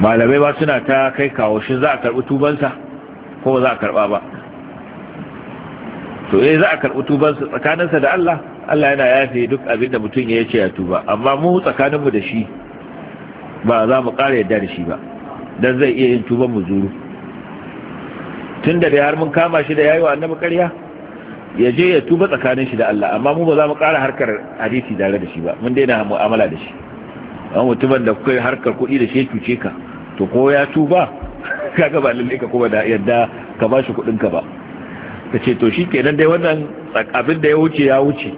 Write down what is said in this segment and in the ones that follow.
malamai ba suna ta kai kawo shi za a karɓi tubansa ko ba za a karɓa ba to yai eh, za a karɓi tubansa tsakaninsa da Allah Allah yana yafe duk abin da mutum ya ce ya tuba amma mu tsakaninmu da shi ba za mu ƙara yadda da shi ba don zai iya yin tuban mu zuru tun da har mun kama shi da yayi wa annabi ƙarya ya je ya tuba tsakanin shi da Allah amma mu ba za mu ƙara harkar hadisi tare da shi ba mun daina mu'amala da shi amma mutumin da kai harkar kuɗi da shi ya cuce ka to ko ya tuba ka ba lalle ka kuma da yadda ka bashi kudin ka ba kace to shikenan dai wannan abin da ya wuce ya wuce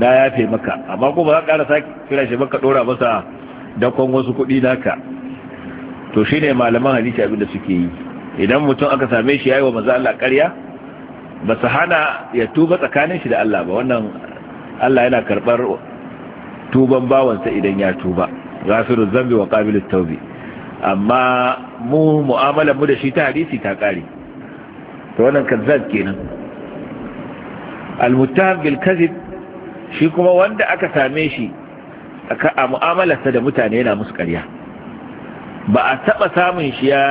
na yafe maka amma kuma za ka ƙara saki, kira shi maka dora masa dakon wasu kuɗi naka to shine malaman hadisi abin da suke yi idan mutum aka same shi yayi wa manzo Allah ƙarya ba su hana ya tuba tsakanin shi da Allah ba wannan Allah yana karɓar tuban bawansa idan ya tuba ghafiruz zambi wa qabilut tawbi amma mu mu'amalar mu da shi ta hadisi ta kare to wannan kazzab kenan al-muttaham bil kadhib shi kuma wanda aka same shi a mu'amalarsa da mutane yana musu ƙarya ba a taɓa samun shi ya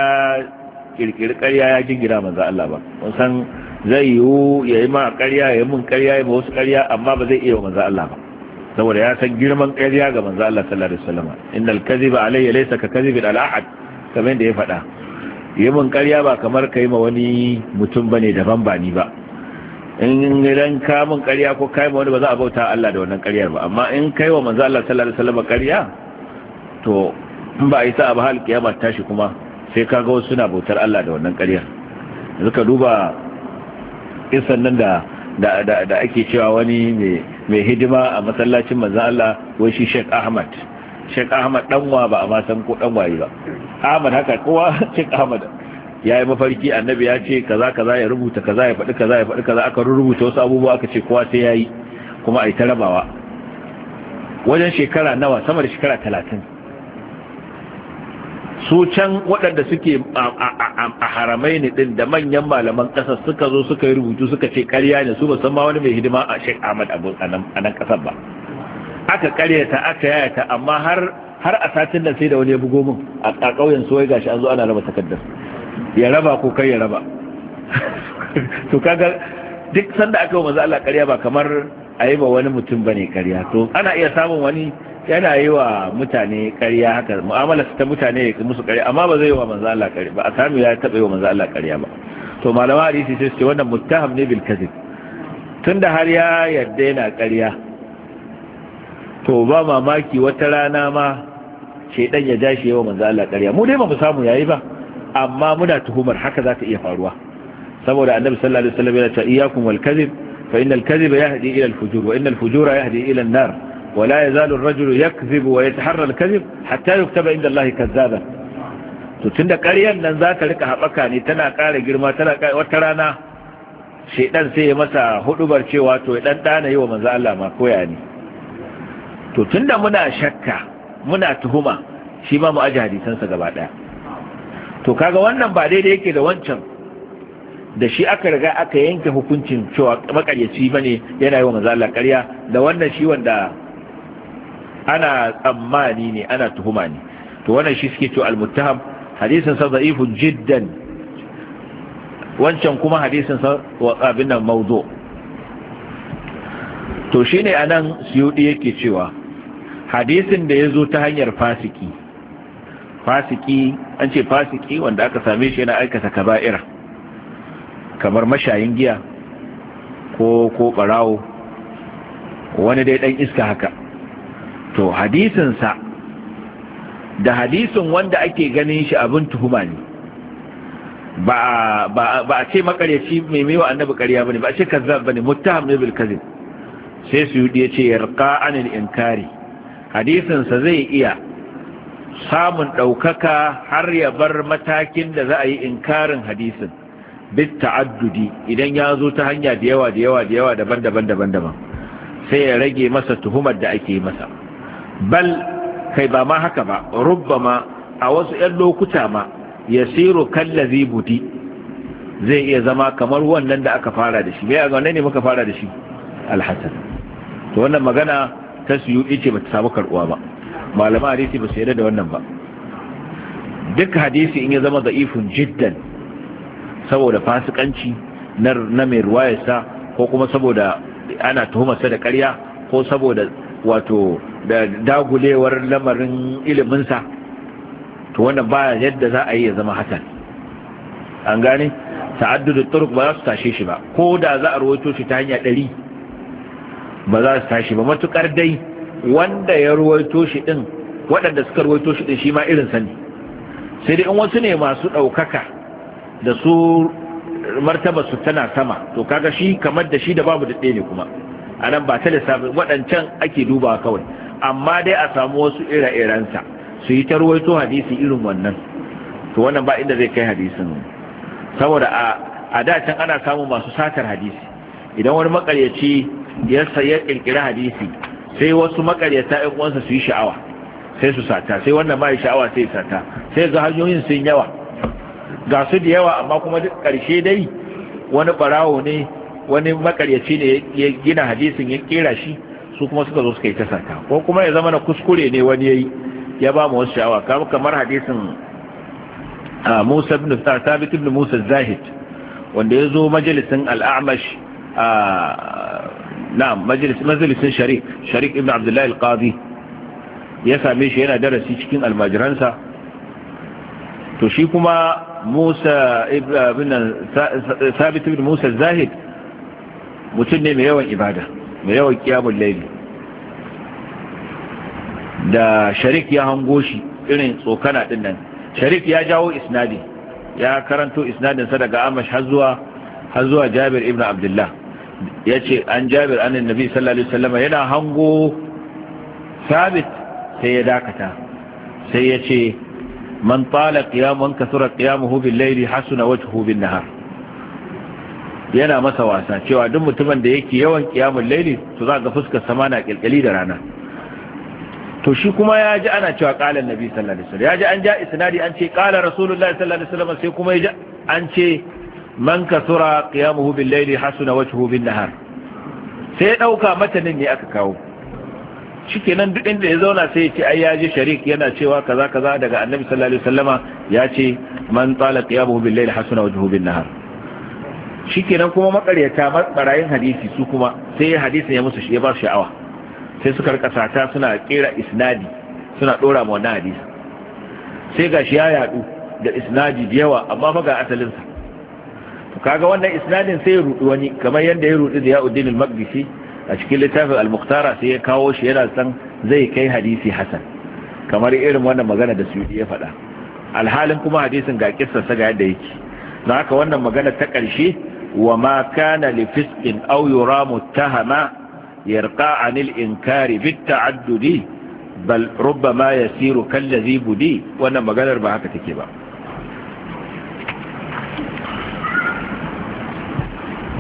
ƙirƙiri ƙarya ya jingira manzo Allah ba mun san zai yiwu ya yi ma ƙarya ya mun ƙarya ya ma wasu ƙarya amma ba zai iya manzo Allah ba saboda ya san girman ƙarya ga manzo Allah sallallahu alaihi wasallam innal kadhiba alayya laysa ka kadhibil al ahad kamar da ya faɗa yimin ƙarya ba kamar kai ma wani mutum bane daban ba ni ba in ran mun ƙarya ko kai ma wani ba za a bauta Allah da wannan ƙaryar ba amma in kai wa manzo Allah sallallahu alaihi wasallam ƙarya to in ba a yi sa'a ba hal kiyama tashi kuma sai kaga wasu suna bautar Allah da wannan ƙaryar yanzu ka duba isan nan da da da ake cewa wani mai mai hidima a masallacin manzan Allah wai shi Sheikh Ahmad Sheikh Ahmad danwa ba a ma san ko dan waye ba Ahmad haka kowa Sheikh Ahmad ya yi mafarki annabi ya ce kaza kaza ya rubuta kaza ya faɗi kaza ya faɗi kaza aka rubuta wasu abubuwa aka ce kowa sai yayi kuma a yi ta rabawa wajen shekara nawa sama da shekara talatin su can waɗanda suke a haramai ne ɗin da manyan malaman ƙasa suka zo suka yi rubutu suka ce ƙarya ne su san ma wani mai hidima a shek ahmad abu a nan ƙasar ba aka ƙaryata aka yayata amma har a satin nan sai da wani ya bugo min a ƙauyen suwai gashi an zo ana raba takardar ya raba ko kai ya raba to kaga duk sanda aka yi wa maza Allah ƙarya ba kamar a yi ba wani mutum ba ne ƙarya to ana iya samun wani yana yi wa mutane ƙarya haka mu'amala ta mutane ya musu ƙarya amma ba zai yi wa manzo Allah ƙarya ba a samu ya taɓa yi wa manzo Allah ƙarya ba to malama hadisi sai ce wannan muttaham ne bil kadhib tunda har ya yarda yana ƙarya to ba mamaki wata rana ma shedan ya jashi yawa manzo Allah ƙarya mu dai ba mu samu yayi ba amma muna tuhumar haka za ta iya faruwa saboda annabi sallallahu alaihi wasallam ya ce iyyakum wal kadhib fa innal kazib yahdi ila al fujur wa innal fujura yahdi ila an nar ولا يزال الرجل يكذب ويتحرى الكذب حتى يكتب عند الله كذابا to tunda ƙaryar nan za ka rika haɓaka ne tana ƙara girma tana ƙara wata rana shaidan sai ya masa hudubar cewa to ya ɗana yi wa manzo Allah ma koya ne to tunda muna shakka muna tuhuma shi ma mu aji hadisansa gaba ɗaya to kaga wannan ba daidai yake da wancan da shi aka riga aka yanke hukuncin cewa makaryaci ne yana yi wa manzo Allah ƙarya da wannan shi wanda ana tsammani ne ana tuhuma ne to wannan shi suke cewa almuttaham hadisin sa da'ifun jiddan wancan kuma hadisin sa abin nan mawdu to shine anan suyudi yake cewa hadisin da yazo ta hanyar fasiki fasiki an ce fasiki wanda aka same shi yana aikata kaba'ira kamar mashayin giya ko ko barawo wani dai dan iska haka to hadisinsa da hadisin wanda ake ganin shi abin tuhuma ne ba a ce makaryaci mai mewa annabi karya bane ba a ce kazzab bane muttaham ne bil kazib sai su yi ce yarqa anil inkari hadisin sa zai iya samun ɗaukaka har ya bar matakin da za a yi inkarin hadisin bit ta'addudi idan ya zo ta hanya da yawa da yawa da yawa daban-daban daban-daban sai ya rage masa tuhumar da ake masa bal kai ba ma haka ba rubbama a wasu 'yan lokuta ma siro kallazi budi zai iya zama kamar wannan da aka fara da shi bai ga ne muka fara da shi Alhassan to wannan magana ta yi ce bata samu karbuwa ba malama hadisi ba su yarda da wannan ba duk hadisi in ya zama za'ifin jiddan saboda fasikanci na mai ruwa ruwayarsa ko kuma saboda ana tuhumarsa da karya ko saboda wato da dagulewar lamarin iliminsa to wannan ba yadda za a yi ya zama hasan an gane ta'addudu turuk ba za su tashe shi ba ko da za a rawaito shi ta hanya ɗari ba za su tashe ba matukar dai wanda ya rawaito shi din waɗanda suka rawaito shi din shi ma irin sani sai dai in wasu ne masu ɗaukaka da su martaba su tana sama to kaga shi kamar da shi da babu da ɗaya ne kuma a nan ba ta lissafi waɗancan ake duba kawai amma dai a samu wasu ira-iransa su yi to hadisi irin wannan to wannan ba inda zai kai hadisin saboda a da can ana samun masu satar hadisi idan wani makaryaci ya sayar kirkira hadisi sai wasu makaryata ya uwansa su yi sha'awa sai su sata sai wannan ma yi sha'awa sai sata sai ga hanyoyin sun yawa ga su da yawa amma kuma duk ƙarshe dai wani barawo ne wani makaryaci ne ya gina hadisin ya kera shi su kuma suka zo suka yi ta sata ko kuma ya zama na kuskure ne wani yayi ya ba mu wasu sha'awa kamar hadisin Musa ibn Thabit ibn Musa Zahid wanda ya zo majalisin al-A'mash na majalisin majalisin Sharik Sharik ibn Abdullahi al-Qadi ya same shi yana darasi cikin almajiransa to shi kuma Musa ibn Thabit ibn Musa Zahid mutum ne mai yawan ibada mai yawan kiyamun laili da sharik ya hango shi irin tsokana din nan sharik ya jawo isnadi ya karanto isnadinsa daga amash har zuwa har jabir ibn abdullah ya ce an jabir an nabi sallallahu alaihi yana hango sabit sai ya dakata sai ya ce man tala qiyaman kasura qiyamuhu bil layli hasuna wajhuhu bin nahar yana masa wasa cewa duk mutumin da yake yawan kiyamun laili to za ga fuskar sama na kilkali da rana to shi kuma ya ji ana cewa kalan nabi sallallahu alaihi wasallam ya ji an ja isnadi an ce kala rasulullahi sallallahu alaihi wasallam sai kuma ya ji an ce man kasura qiyamuhu bil laili hasuna wajhuhu bin nahar sai ya dauka matanin ne aka kawo shikenan duk inda ya zauna sai ya ce ai ya ji sharik yana cewa kaza kaza daga annabi sallallahu alaihi wasallama ya ce man tsala qiyamuhu bil laili hasuna wajhuhu bin nahar shikenan kuma makaryata barayin hadisi su kuma sai hadisin ya musu ya ba sha'awa sai suka rika sata suna kera isnadi suna dora ma wannan hadisi sai gashi ya yadu da isnadi da yawa amma fa ga asalin to kaga wannan isnadin sai ya rudu wani kamar yanda ya rudi Ziyauddin al-Maqdisi a cikin littafin al-Muqtara sai ya kawo shi yana san zai kai hadisi hasan kamar irin wannan magana da Suudi ya faɗa alhalin kuma hadisin ga kissarsa ga yadda yake na haka wannan magana ta ƙarshe wa ma kana li fisqin aw yura muttahama yarqa anil inkari bit ta'addudi bal rubbama yasiru kallazi budi wannan maganar ba haka take ba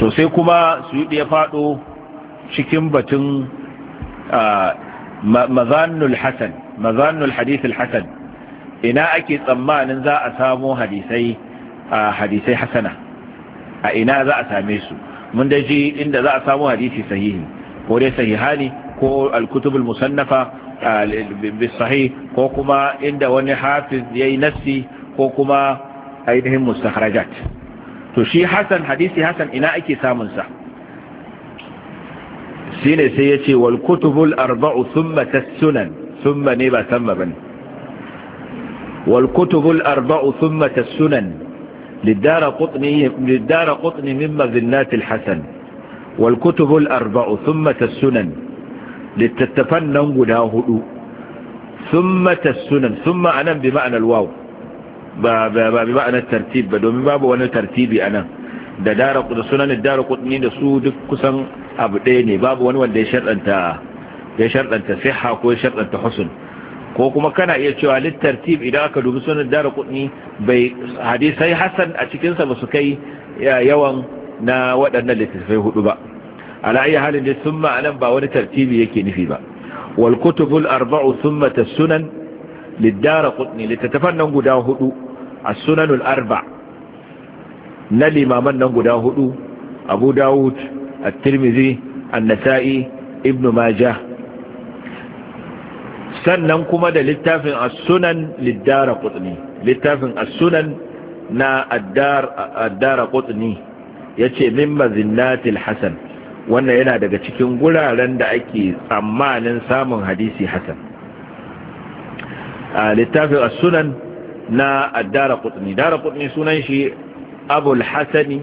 to sai kuma su yi ya faɗo cikin batun mazannul hasan mazannul hadith al-hasan ina ake tsammanin za a samo hadisai A hadisai hasana a ina za a same su mun da ji inda za a samu hadisi sahihi ko dai sahihani ko al-kutubul musannafa bisahih ko kuma inda wani hafiz yayi nassi ko kuma ainihin mustakhrajat to shi hasan hadisi hasan ina ake samun sa shine sai yace wal kutubul arba'u thumma tasunan thumma ne ba samma bane wal kutubul arba'u thumma tasunan للدار قطن من مذنات الحسن والكتب الأربع ثم السنن للتتفنن قداه ثم السنن ثم أنا بمعنى الواو بمعنى الترتيب بدون باب وانا ترتيبي أنا da dara da sunanin dara kudni da su duk kusan abu ɗaya ne babu wani wanda ya sharɗanta ya sharɗanta siha ko ya sharɗanta husn ko kuma kana iya cewa littartib idan aka dubi sunan dara kudni bai hadisai Hassan a cikinsa ba su kai yawan na waɗannan littattafai hudu ba ala iya halin da sun ma'anan ba wani tartibi yake nufi ba wal kutubul arba'u thumma sunan lidara kudni littattafan nan guda hudu a sunanul arba na limaman nan guda hudu abu dawud at-tirmidhi an-nasa'i ibnu majah sannan kuma da littafin as-sunan lidara qutni littafin as-sunan na addara qutni yace min mazinnatil hasan wannan yana daga cikin guraren da ake tsammanin samun hadisi hasan a littafin as-sunan na addara qutni dara qutni sunan shi abul hasani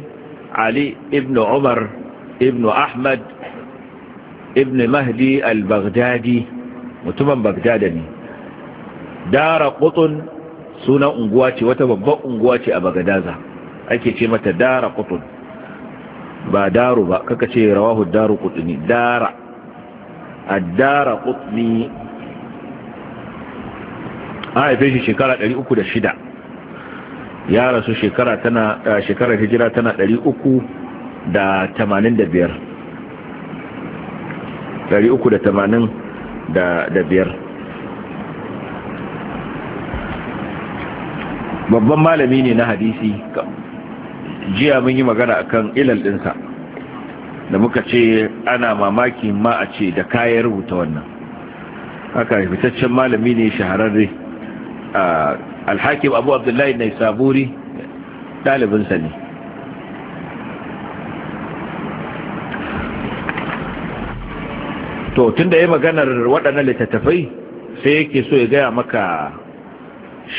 ali ibn umar ibn ahmad ibn mahdi al-baghdadi mutumin bagdada ne dara qutun sunan unguwa ce wata babban unguwa ce a bagadaza ake ce mata dara qutun ba daru ba kaka ce rawahu daru qutni dara ad-dara qutni a haife shi shekara 306 ya rasu shekara tana shekarar hijira tana 385 385 da da biyar babban malami ne na hadisi jiya mun yi magana akan ilal ɗinsa da muka ce ana mamaki ma a ce da kayan rubuta wannan haka fitaccen malami ne shahararre ah, alhakim abu abdullahi na isaburi ɗalibinsa ne to tunda yi maganar waɗannan littattafai sai yake so ya gaya maka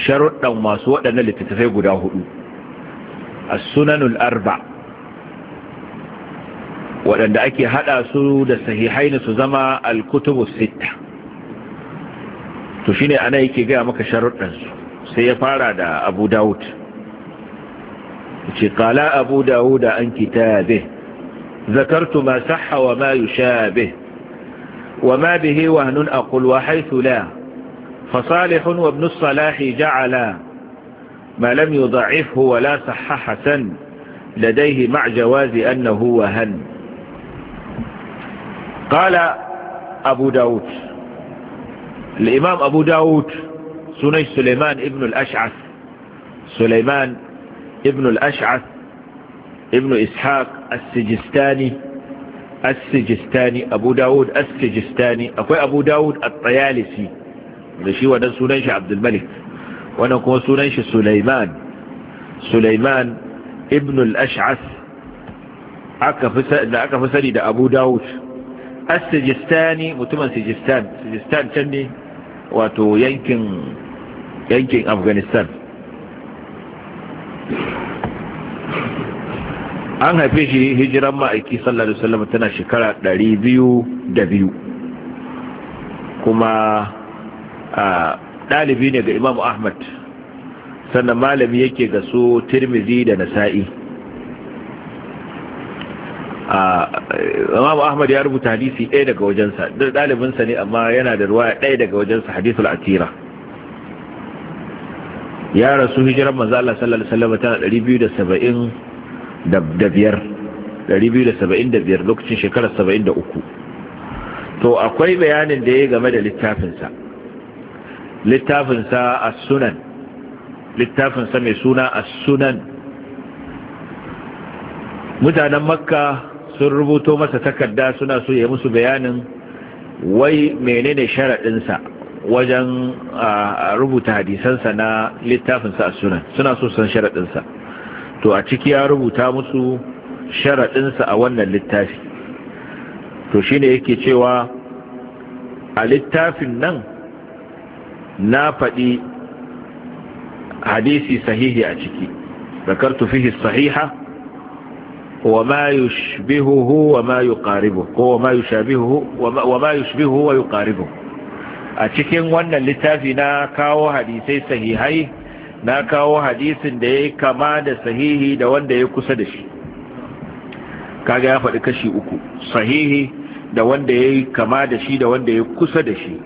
sharuɗan masu waɗannan littattafai guda hudu a sunanul arba waɗanda ake haɗa su da sahihaini su zama al-kutubu sitta to shine ana yake gaya maka sharuɗansu sai ya fara da Abu Dawud ce qala Abu Dawud an kitabe zakartu ma sahha wa ma sha-be. وما به وهن أقل وحيث لا فصالح وابن الصلاح جعلا ما لم يضعفه ولا صححة لديه مع جواز أنه وهن قال أبو داود الإمام أبو داود سني سليمان ابن الأشعث سليمان ابن الأشعث ابن إسحاق السجستاني as abu dawud as akwai abu dawud at-tayalisi da shi wannan sunan shi abdulmalik wannan kuma sunan shi suleiman sulaiman ibn al-ash'as da aka fi sani da abu dawud as mutumin sijistan sijistan can ne wato yankin yankin afghanistan an haife shi hijiran ma'aiki sallallahu alaihi wasallam tana shekara ɗari biyu da biyu kuma ɗalibi ne ga imamu ahmad sannan malami yake ga su tirmizi da nasa'i imamu ahmad ya rubuta hadisi ɗaya daga wajensa ɗalibinsa ne amma yana da ruwa ɗaya daga wajensa hadisul atira ya rasu hijiran manzo sallallahu alaihi wasallam tana da biyar lokacin shekarar 73 to akwai bayanin da ya game da littafinsa littafinsa a sunan littafinsa mai suna a sunan mutanen makka sun rubuto masa takarda suna so ya musu bayanin wai menene sharaɗinsa wajen rubuta hadisansa na littafinsa a sunan suna so san sharaɗinsa to a ciki ya rubuta musu sharaɗinsa a wannan littafi to shine yake cewa a littafin nan na faɗi hadisi sahihi a ciki zakartu fihi sahiha wa ma yushbihuhu wa ma ko wa ma yushabihuhu wa ma yushbihuhu wa yuqaribuhu a cikin wannan littafi na kawo hadisai sahihai na kawo hadisin da ya kama da sahihi da wanda ya kusa da shi kaga ya faɗi kashi uku sahihi da wanda ya kama da shi da wanda ya kusa da shi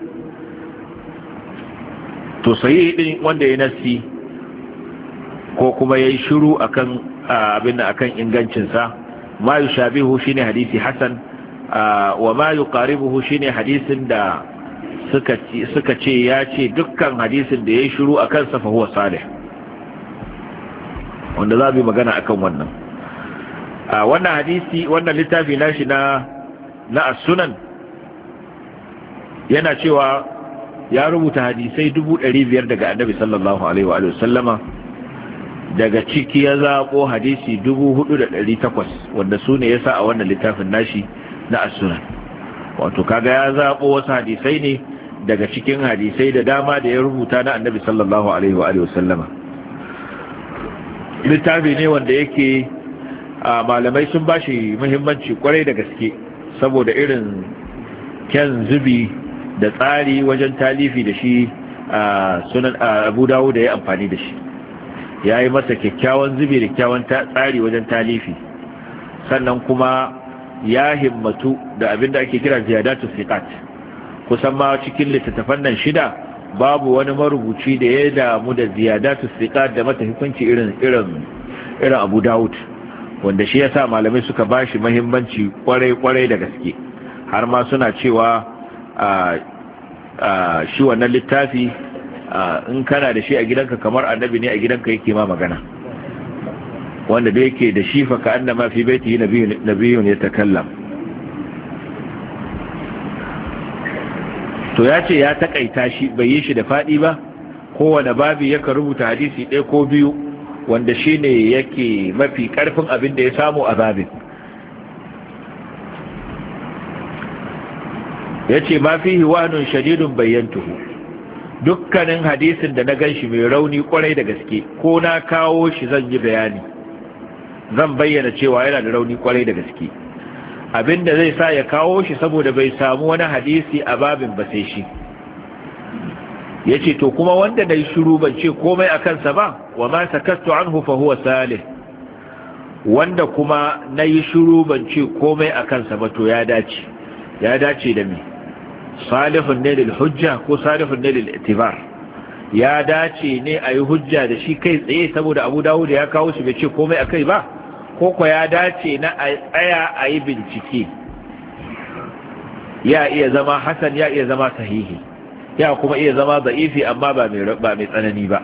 to sahihi din wanda ya nasi, ko kuma ya yi shiru akan abin da akan ingancinsa ma shi ne hadisi Hassan, wa ma shi ne hadisin da suka ce ya ce dukkan hadisin da ya yi shiru a kansa fa huwa salih wanda za a bi magana akan wannan a wannan hadisi wannan littafi nashi na na as yana cewa ya rubuta hadisai 500 daga annabi sallallahu alaihi wa sallama daga ciki ya zaɓo hadisi 4,800 wanda su ne ya sa a wannan littafin nashi na asunan wato kaga ya zaɓo wasu hadisai ne daga cikin hadisai da dama da ya rubuta na annabi sallallahu alaihi wa alihi littafi ne wanda yake malamai sun bashi muhimmanci kwarai da gaske saboda irin kyan zubi da tsari wajen talifi da shi sunan abu dawo da ya amfani da shi ya yi masa kyakkyawan zubi da kyakkyawan tsari wajen talifi sannan kuma ya himmatu da abinda ake kira ziyadatu siqat kusan ma cikin littattafan nan shida babu wani marubuci da ya damu da su siƙa da mata hukunci irin irin irin Abu Dawud wanda shi yasa malamai suka ba shi muhimmanci kwarai kwarai da gaske har ma suna cewa a shi wannan littafi in kana da shi a gidanka kamar annabi ne a gidanka yake ma magana wanda da yake da shi ka annama fi nabiyun ya takallam. to ya ce ya takaita shi bai yi shi da faɗi ba kowane babi yaka rubuta hadisi ɗaya ko biyu wanda shi ne yake mafi ƙarfin abin da ya samu a babin ya ce ma fi hiwanun shadidun bayyantuhu dukkanin hadisin da na gan shi mai rauni kwarai da gaske ko na kawo shi zan yi bayani zan bayyana cewa yana da rauni kwarai da gaske Abin da zai sa ya kawo shi saboda bai samu wani hadisi a babin ba sai shi ya ce to kuma wanda na yi shiru ban ce komai a kansa ba wa ma sakastu an hufa huwa salih wanda kuma na yi shiru ban ce komai a kansa ba to ya dace ya dace da me salihun ne lil hujja ko salihun ne lil itibar ya dace ne a yi hujja da shi kai tsaye saboda abu dawud ya kawo shi bai ce komai a kai ba koko ya dace na a tsaya a yi bincike ya iya zama hasan ya iya zama sahihi ya kuma iya zama za'ifi amma ba mai tsanani ba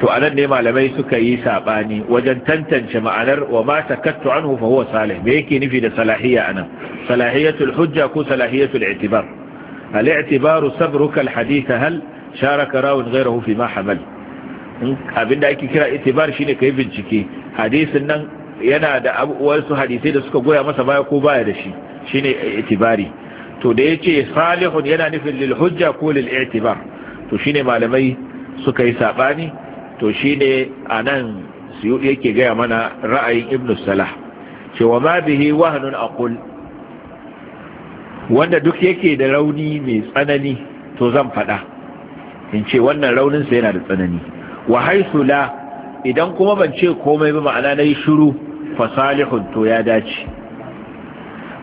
to anan ne malamai suka yi sabani wajen tantance ma'anar wa ma takattu anhu fa huwa salih me yake nufi da salahiyya anan salahiyatul hujja ko salahiyatul i'tibar al-i'tibaru sabruka al-hadith hal sharaka rawin ghayrahu fi ma hamal Abin da ake kira itibar shine kai bincike hadisin nan yana da abuwarsu hadisai da suka goya masa baya ko baya da shi shine itibari to da yace salihun yana nufin lil hujja ko lil i'tibar to shine malamai suka yi sabani to shine anan suyudi yake gaya mana ra'ayin ibn salah cewa ma bihi wahnun aqul wanda duk yake da rauni mai tsanani to zan faɗa. in ce wannan rauninsa yana da tsanani wa haisu la idan kuma ban ce komai ba ma'ana na yi shiru fa salihun to ya dace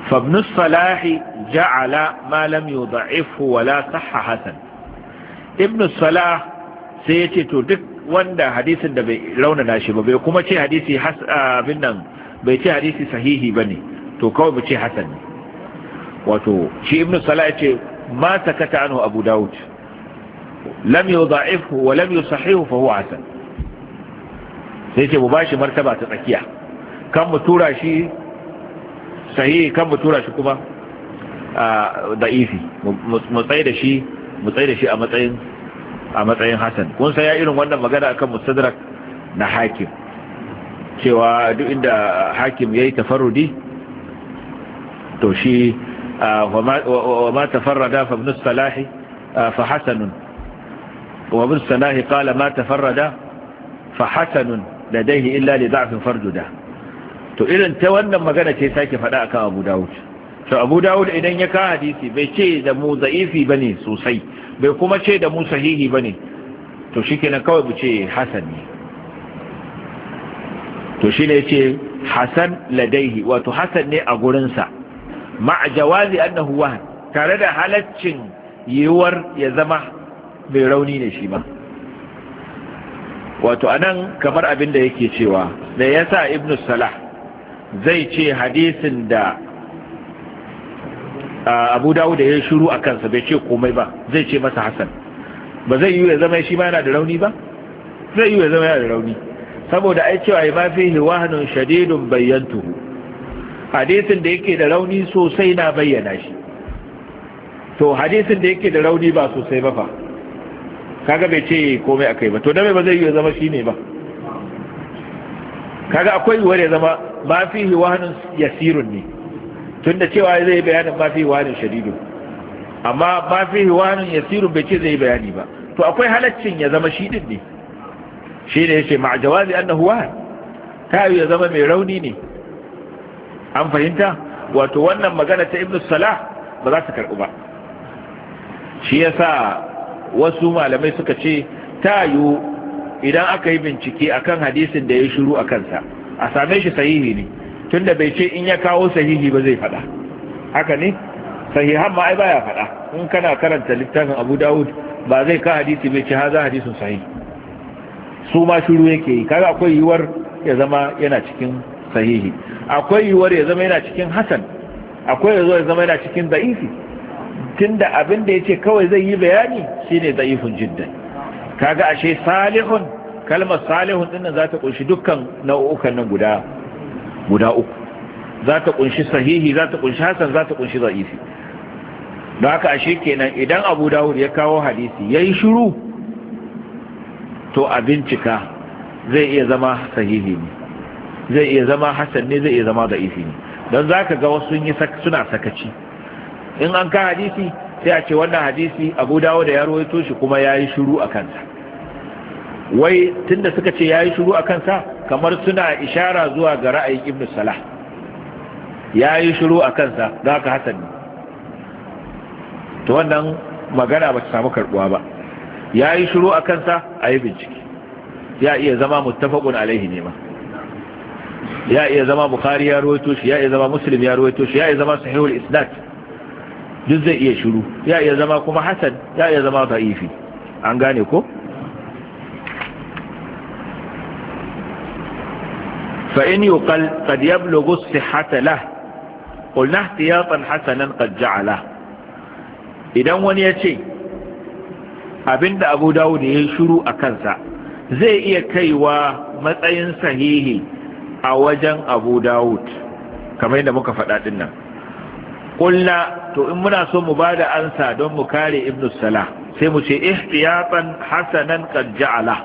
fabnus salahi ja'ala ma lam yudha'ifhu wa la sahha hasan ibn salah sai yace to duk wanda hadisin da bai raunana shi ba bai kuma ce hadisi abin nan bai ce hadisi sahihi bane to kawai bai ce hasan ne wato shi ibn salah yace ma sakata anhu abu daud lam yudha'ifhu wa lam yusahihu fa huwa hasan sai ce mu bashi martaba ta tsakiya kan mu tura shi sahihi kan mu tura shi kuma da'ifi mu tsaye da shi mu tsaye da shi a matsayin a matsayin hasan kun sai ya irin wannan magana akan mustadrak na hakim cewa duk inda hakim yayi tafarrudi to shi wa ma tafarrada fa ibn salahi fa hasanun وابن السناه قال ما تفرد فحسن لديه إلا لضعف فرجده to irin ta wannan magana ce sake faɗa akan Abu Dawud to Abu Dawud idan ya ka hadisi bai ce da mu za'ifi bane sosai bai kuma ce da mu sahihi bane to shikenan kawai mu ce hasan ne to shine yace hasan ladaihi wato Hassan ne a gurinsa? sa jawazi annahu tare da halaccin yiwuwar ya zama mai rauni ne shi ma wato anan kamar abin da yake cewa da yasa ibnu salah zai ce hadisin da abu dawo da ya shiru a kansa bai ce komai ba zai ce masa hasan ba zai yi ya zama shi ma yana da rauni ba zai yi ya zama yana da rauni saboda ai cewa ya mafi hiwahanun shadidun bayyantuhu hadisin da yake da rauni sosai na bayyana shi to hadisin da yake da rauni ba sosai ba fa kaga bai ce komai kai ba to da ba zai yi zama shi ne ba kaga akwai yiwuwar ya zama ma yi wahanin yasirun ne tunda cewa zai yi bayanin ma yi wahanin shadidu amma ma yi wahanin yasirun bai ce zai yi bayani ba to akwai halaccin ya zama shi din ne shi ne ya ce ma jawazi annahu wahan ta ya zama mai rauni ne an fahimta wato wannan magana ta ibn salah ba za su karbu ba shi yasa wasu malamai suka ce ta yiwu idan aka yi bincike akan hadisin da ya shiru a kansa a same shi sahihi ne tunda bai ce in ya kawo sahihi ba zai faɗa haka ne sahihan ma ai baya faɗa in kana karanta littafin abu dawud ba zai ka hadisi mai ce haza hadisin sahihi su ma shiru yake yi kaga akwai yiwuwar ya zama yana cikin sahihi akwai yiwuwar ya zama yana cikin hasan akwai ya ya zama yana cikin da'ifi tunda abin da ce kawai zai yi bayani shine da'ifun jiddan kaga ashe salihun kalmar salihun din nan za ta kunshi dukkan nau'ukan nan guda guda uku za ta kunshi sahihi za ta kunshi hasan za ta kunshi za'ifi. don haka ashe kenan idan abu dawud ya kawo hadisi ya yi shuru to a bincika zai iya zama sahihi ne zai iya zama hasan ne zai iya zama za'ifi ne don za ka ga wasu suna sakaci in an ka hadisi sai a ce wannan hadisi abu dawo da ya rawaito shi kuma ya yi shuru a kansa wai tunda suka ce ya yi shuru a kansa kamar suna ishara zuwa ga ra'ayin ibn salah ya yi shuru a kansa za ka hasan to wannan magana ba ta samu karbuwa ba ya yi shuru a kansa a yi bincike ya iya zama muttafaqun alaihi ne ma ya iya zama bukhari ya rawaito shi ya iya zama muslim ya rawaito shi ya iya zama sahihul isnad duk zai iya shiru ya iya zama kuma hasad ya iya zama ta'ifi an gane ko fa in yuqal qad yablughu as-sihhata lah qulna ihtiyatan hasanan qad ja'ala idan wani ya ce abinda Abu Dawud ya shiru a kansa zai iya kaiwa matsayin sahihi a wajen Abu Dawud kamar yadda muka faɗa dinnan kulla to in muna so mu bada ansa don mu kare ibnu salah sai mu ce ihtiyatan hasanan qad ja'ala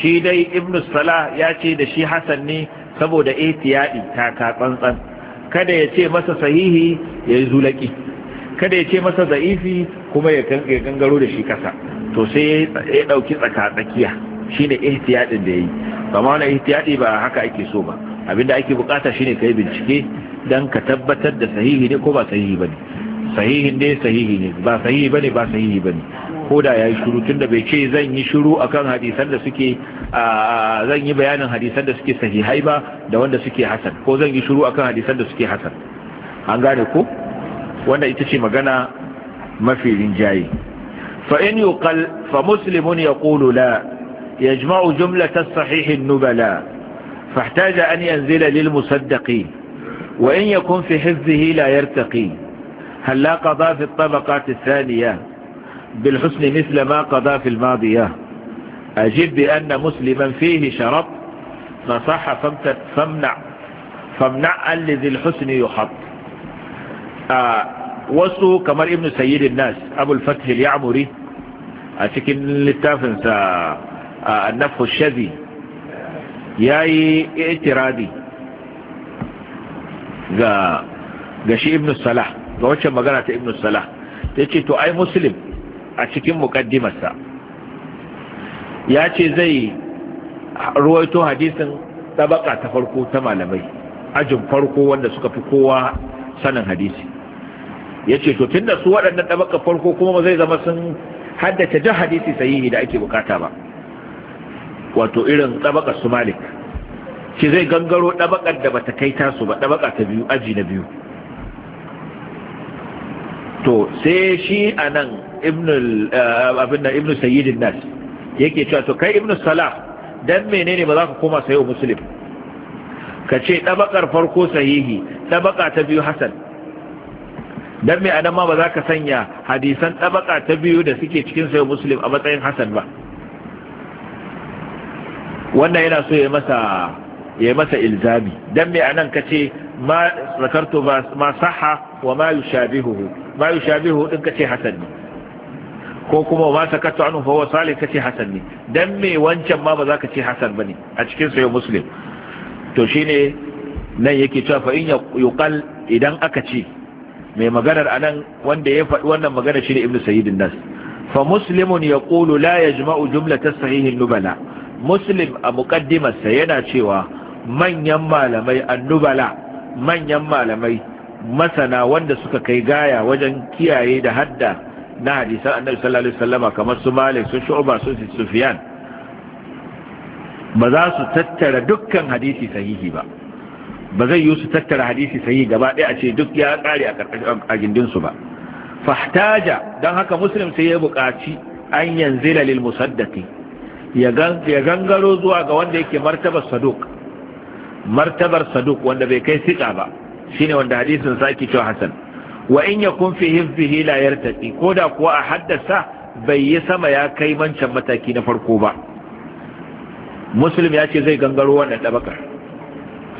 shi dai ibnu salah ya ce da shi hasan ne saboda ihtiyadi ta ka tsantsan kada ya ce masa sahihi ya zulaki kada ya ce masa za'ifi kuma ya gangaro da shi kasa to sai ya dauki tsaka tsakiya shine ihtiyadin da yayi kamar na ihtiyadi ba haka ake so ba abinda ake bukata shine kai bincike dan ka tabbatar da sahihi ne ko ba sahihi ne sahihin ne sahihi ne ba sahihi bane ba sahihi bane ko da ya yayi shiru da bai ce zan yi shiru akan hadisan da suke zan yi bayanin hadisan da suke sahihai ba da wanda suke hasan ko zan yi shiru akan hadisan da suke hasan an gane ko wanda ita ce magana mafi rinjaye fa in yuqal fa muslimun yaqulu la yajma'u jumlata as-sahih an-nubala فاحتاج أن ينزل للمصدقين وإن يكن في حفظه لا يرتقي هل لا قضى في الطبقات الثانية بالحسن مثل ما قضى في الماضية أجب بأن مسلما فيه شرط فصح فامنع فامنع الذي الحسن يحط آه كما ابن سيد الناس أبو الفتح اليعمري al-ya'muri a آه، النفخ الشذي ياي nafhu ga ga shi ibn salah ga wacce magana ta ibn salah yace to ai muslim a cikin muqaddimarsa ya ce zai ruwaito hadisin tabaka ta farko ta malamai ajin farko wanda suka fi kowa sanin hadisi ya ce to tunda su waɗannan tabaka farko kuma zai zama sun haddace jan hadisi sahihi da ake bukata ba wato irin tabaka su malik shi zai gangaro ɗabakar da bata kai tasu ba ɗabaka ta biyu aji na biyu to sai shi a nan ibn eh, sayyidin nas yake cewa to kai ibn salah dan menene ba za ka koma sayo muslim ka ce ɗabakar farko sahihi ɗabaka ta biyu hasan dan mai anan ma ba za ka sanya hadisan ɗabaka ta biyu da suke cikin sayo muslim a matsayin hasan ba wannan yana so ya masa ya masa ilzami dan me anan kace ma zakartu ma sahha wa ma yushabihuhu ma yushabihu din kace hasan ne ko kuma ma sakatu anhu fa huwa salih kace hasan ne dan me wancan ma ba za ka ce hasan bane a cikin sayo muslim to shine nan yake cewa fa in yuqal idan aka ce mai maganar anan wanda ya faɗi wannan magana shine ibnu sayyidin nas fa muslimun yaqulu la yajma'u jumlata sahihin nubala muslim a muqaddimarsa yana cewa manyan malamai annubala manyan malamai masana wanda suka kai gaya wajen kiyaye da hadda na hadisan annabi sallallahu alaihi wasallama kamar su malik su shu'ba su sufyan ba za su tattara dukkan hadisi sahihi ba ba zai yi su tattara hadisi sahihi gaba ɗaya a ce duk ya kare a karkashin gindin su ba fahtaja don haka muslim sai ya buƙaci an yanzila lil musaddaqi ya gangaro zuwa ga wanda yake martabar saduq martabar saduq wanda bai kai siƙa ba shine wanda hadisin sa ake cewa hasan wa in yakun fi hifzihi la yartaqi koda kuwa a haddasa bai yi sama ya kai mancan mataki na farko ba muslim ya ce zai gangaro wannan tabaka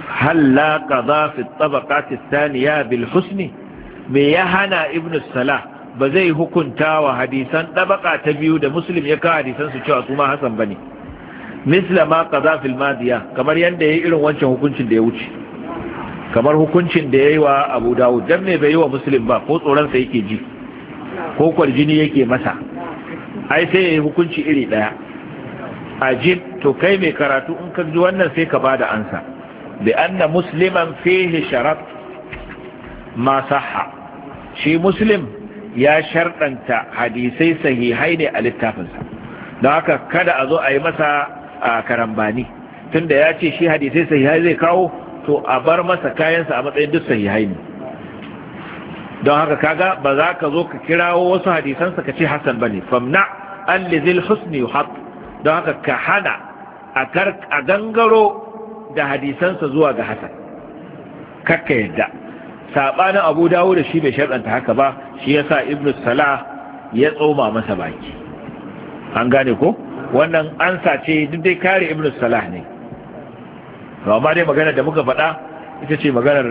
hal qadha fi tabaqat athaniya bil husni me ya hana ibn salah ba zai hukunta wa hadisan tabaka ta biyu da muslim ya ka hadisan su cewa su ma hasan bane misla ma qaza fil madiya kamar yanda yayi irin wancan hukuncin da ya wuce kamar hukuncin da yayi wa Abu Dawud dan me bai yi wa Muslim ba ko tsoron sa yake ji ko kwarjini yake masa ai sai yayi hukunci iri daya ajib to kai mai karatu in ka ji wannan sai ka bada ansa bi anna musliman fihi sharat ma sahha shi muslim ya sharɗanta hadisai sahihai ne a littafinsa don haka kada a zo a yi masa a karambani tunda ya ce shi hadisai sahihai zai kawo to a bar masa kayansa a matsayin duk sahihai ne don haka kaga ba za ka zo ka kirawo wasu hadisansa ka ce hasan bane famna An lizil husni yuhab don haka ka hana a gangaro da hadisansa zuwa ga hasan kakka yadda saɓanin abu dawo da shi bai shaɗanta haka ba shi ya sa Ibn salah ya tsoma masa baki an gane ko wannan an sace duk dai kare ibn salah ne amma dai magana da muka faɗa ita ce maganar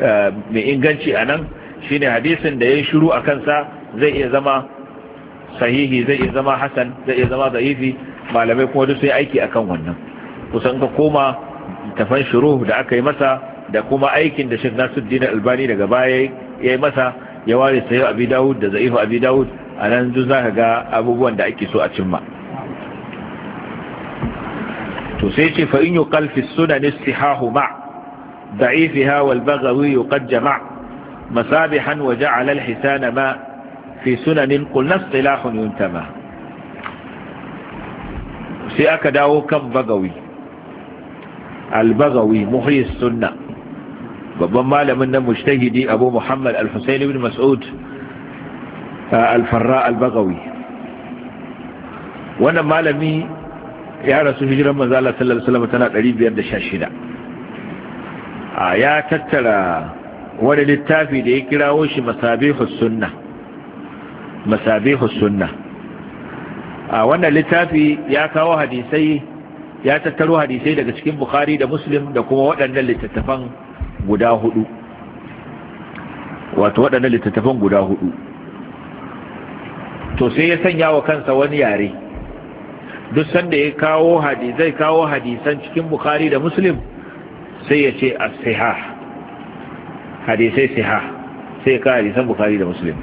eh, mai inganci a nan shine hadisin da ya shiru a kansa zai iya zama sahihi zai iya zama hasan zai iya zama zaifi malamai kuma duk yi aiki akan wannan kusan ka koma tafan shiru da aka yi masa da kuma aikin da Sheikh Nasruddin Albani daga baya yayi masa ya ware sayo Abi Dawud da zaifu Abi Dawud anan duk zaka ga abubuwan da ake so a cimma to sai ce fa in yuqal fi sunan istihahu ma da'ifiha wal baghawi yuqad jama' masabihan wa ja'ala al hisana ma fi sunanin qulna istilahun yuntama sai aka dawo kan bagawi al bagawi muhyi sunna babban malamin nan mujtahidi abu muhammad al husayn ibn mas'ud al farra al bagawi wannan malami ya rasu hijiran manzo Allah sallallahu alaihi wasallam tana 516 a ya tattara wani littafi da ya kirawo shi masabihu sunna masabihu sunna a wannan littafi ya kawo hadisai ya tattaro hadisai daga cikin bukhari da muslim da kuma waɗannan littattafan guda hudu wato waɗannan littattafan guda hudu to sai ya sanya wa kansa wani yare duk sanda ya kawo hadisai kawo hadisan cikin bukhari da muslim sai ya ce as-sihah hadisai siha sai ka hadisan bukhari da muslim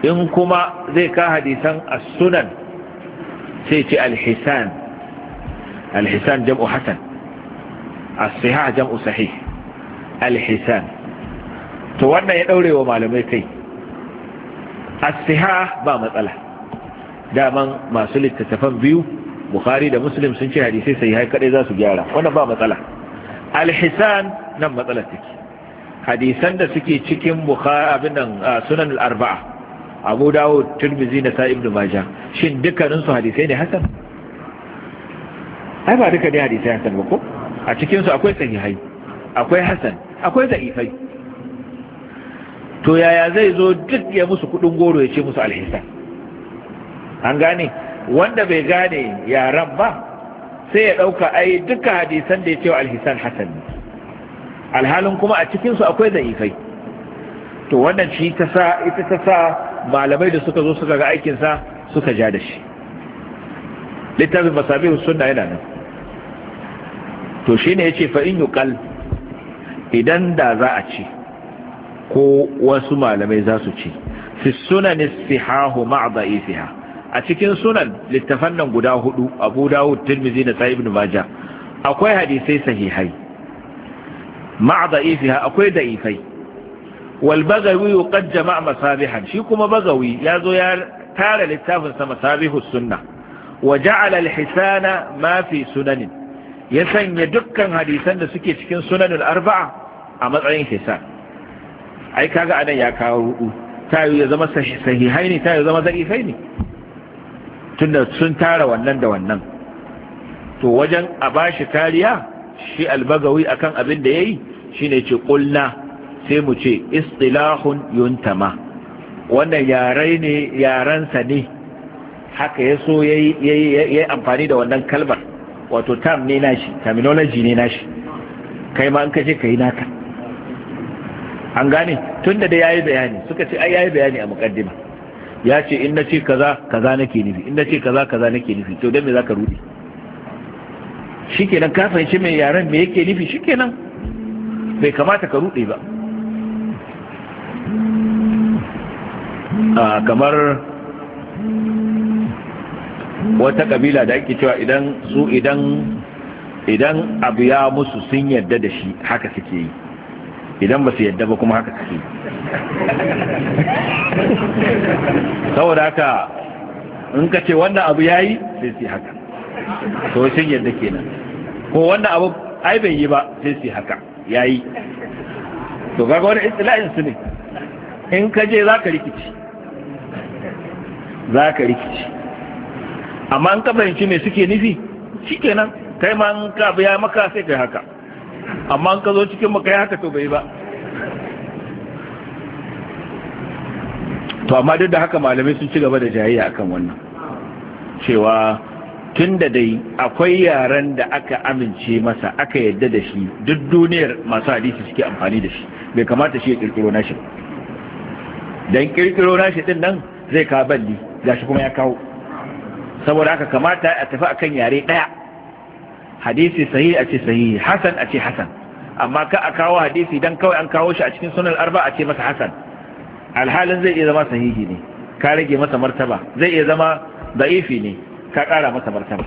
in kuma zai ka hadisan as-sunan sai ce al-hisan al-hisan jam'u hasan as siha jam'u sahih al-hisan to wannan ya daure wa malamai kai as siha ba matsala daman masu littattafan biyu bukhari da muslim sun ce hadisai sai hai kadai za su gyara wannan ba matsala alhisan nan matsala take hadisan da suke cikin bukhari abin nan sunan al-arba'a abu dawud tirmidhi da sa ibnu majah shin dukkanin su hadisai ne hasan ai ba duka ne hadisai hasan ba ko a cikin su akwai sahihai akwai hasan akwai da'ifai to yaya zai zo duk ya musu kudin goro ya ce musu alhisan an gane wanda bai gane yaran ba sai ya ɗauka ai duka hadisan da ya ce wa alhisan hasan ne alhalin kuma a cikinsu akwai za'ifai to wannan shi ita ta sa malamai da suka zo suka ga aikinsa suka ja da shi littafin masabihu suna yana nan to shi ne ya ce fa'in yuƙal idan da za a ci ko wasu malamai za su ci fi sunanis fihahu ma'a za'ifiha a cikin sunan littafan nan guda hudu abu dawud tirmizi da sa ibn maja akwai hadisai sahihai ma'a ha akwai da'ifai wal bagawi qad jama'a masabihan shi kuma bagawi ya zo ya tara littafin sa masabihus sunna wa ja'ala al-hisana ma fi sunanin ya sanya dukkan hadisan da suke cikin sunanul arba'a a matsayin hisan ai kaga anan ya kawo rudu tayu ya zama sahihai ne tayu zama da'ifai ne tunda sun tara wannan da wannan to wajen a bashi kariya shi albagawi akan abin da yayi shine ce kulna sai mu ce istilahun yuntama wannan yare ne yarensa ne haka ya so ya yi amfani da wannan kalmar wato tam ne nashi terminology ne nashi kai ma an kace ka yi naka an gane Tunda da ya yi bayani suka ce ai ya yi bayani a mukaddima ya ce in na ce kaza kaza nake nufi in na ce kaza kaza nake nufi to dan me zaka rudi shikenan ka fahimci me yaren me yake nufi shikenan bai kamata ka rudi ba a kamar wata kabila da ake cewa idan su idan idan abu ya musu sun yarda da shi haka suke yi idan ba su yadda ba kuma haka suke saboda haka in ka ce wannan abu ya yi sai su haka to shi yadda kenan ko wannan abu ai bai yi ba sai su haka ya yi to gaga wani istila'in su ne in ka je za ka rikici za ka rikici amma an ka fahimci me suke nufi shi nan kai ma an ka biya maka sai kai haka amma an ka zo cikin maka ya haka to bai ba to amma duk da haka malamai sun ci gaba da jayayya akan wannan cewa tun da dai akwai yaren da aka amince masa aka yadda da shi duk duniyar masu hadisi suke amfani da shi bai kamata shi ya kirkiro nashi don kirkiro nashi din nan zai kawo balli gashi kuma ya kawo saboda haka kamata a tafi akan yare daya hadisi sahihi a ce sahihi hasan a ce hasan amma ka a kawo hadisi dan kawai an kawo shi a cikin sunan arba a ce masa hasan alhalin zai iya zama sahihi ne ka rage masa martaba zai iya zama da'ifi ne ka kara masa martaba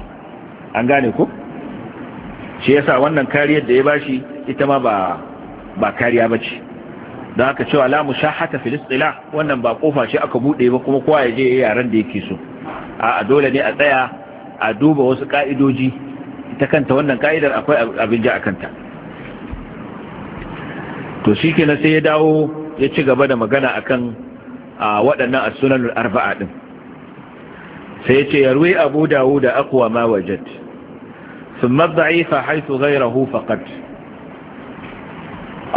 an gane ku. shi yasa wannan kariyar da ya bashi ita ma ba ba kariya bace don haka cewa la mushahata fil istila wannan ba kofa shi aka bude ba kuma kowa ya je yaran da yake so a dole ne a tsaya a duba wasu ka'idoji ta kanta wannan ka'idar akwai abin ja a kanta to shi ke sai ya dawo ya ci gaba da magana akan a waɗannan sunan arba'a ɗin sai ya ce yarwe abu dawo da akuwa ma wajen sun mabda'i fa haifu gairahu faƙat